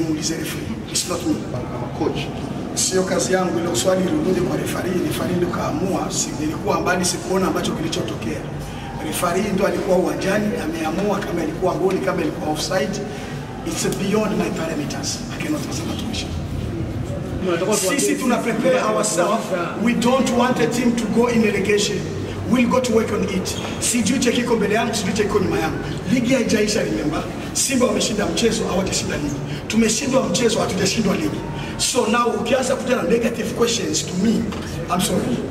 nimuulize refari. It's not me, coach. Sio kazi yangu ile swali lirudi kwa refari, refari ndio kaamua. Si nilikuwa mbali sikuona ambacho kilichotokea. Refari ndo alikuwa uwanjani ameamua kama ilikuwa goli kama ilikuwa offside. It's beyond my parameters. I cannot answer that question. Sisi tuna prepare ourselves. We don't want a team to go in relegation will go to work on it. Sijui cha kiko mbele yangu, sijui cha kiko nyuma yangu. Ligi haijaisha remember. Simba wameshinda mchezo, hawatashinda ligi. Tumeshindwa mchezo, hatujashindwa ligi. So now ukianza kutana negative questions to me, I'm sorry.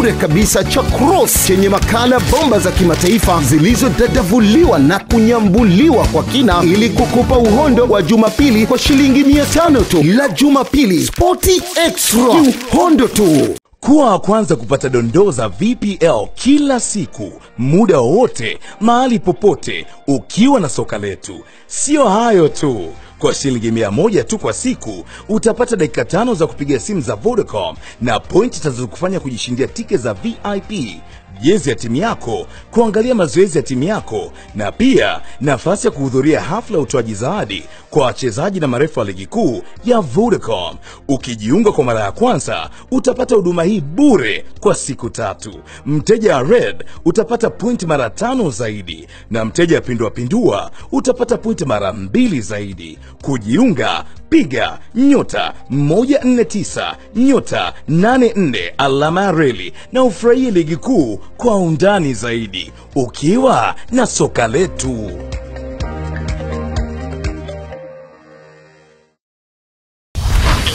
bure kabisa cha Cross chenye makala bomba za kimataifa zilizodadavuliwa na kunyambuliwa kwa kina ili kukupa uhondo wa Jumapili kwa shilingi mia tano tu. La Jumapili Sporti Extra, uhondo tu. Kuwa wa kwanza kupata dondoo za VPL kila siku, muda wowote, mahali popote ukiwa na soka letu. sio hayo tu, kwa shilingi mia moja tu kwa siku utapata dakika tano za kupiga simu za Vodacom na pointi zitazokufanya kujishindia tike za VIP jezi ya timu yako, kuangalia mazoezi ya timu yako na pia nafasi ya kuhudhuria hafla ya utoaji zawadi kwa wachezaji na marefu wa ligi kuu ya Vodacom. Ukijiunga kwa mara ya kwanza, utapata huduma hii bure kwa siku tatu. Mteja wa Red utapata point mara tano zaidi, na mteja wa pindua pindua, utapata pointi mara mbili zaidi. Kujiunga, piga nyota 149 nyota 84 alama ya reli na ufurahie ligi kuu kwa undani zaidi ukiwa na soka letu.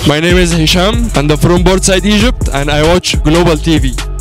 My name is Hisham and I'm from Port Egypt and I watch Global TV.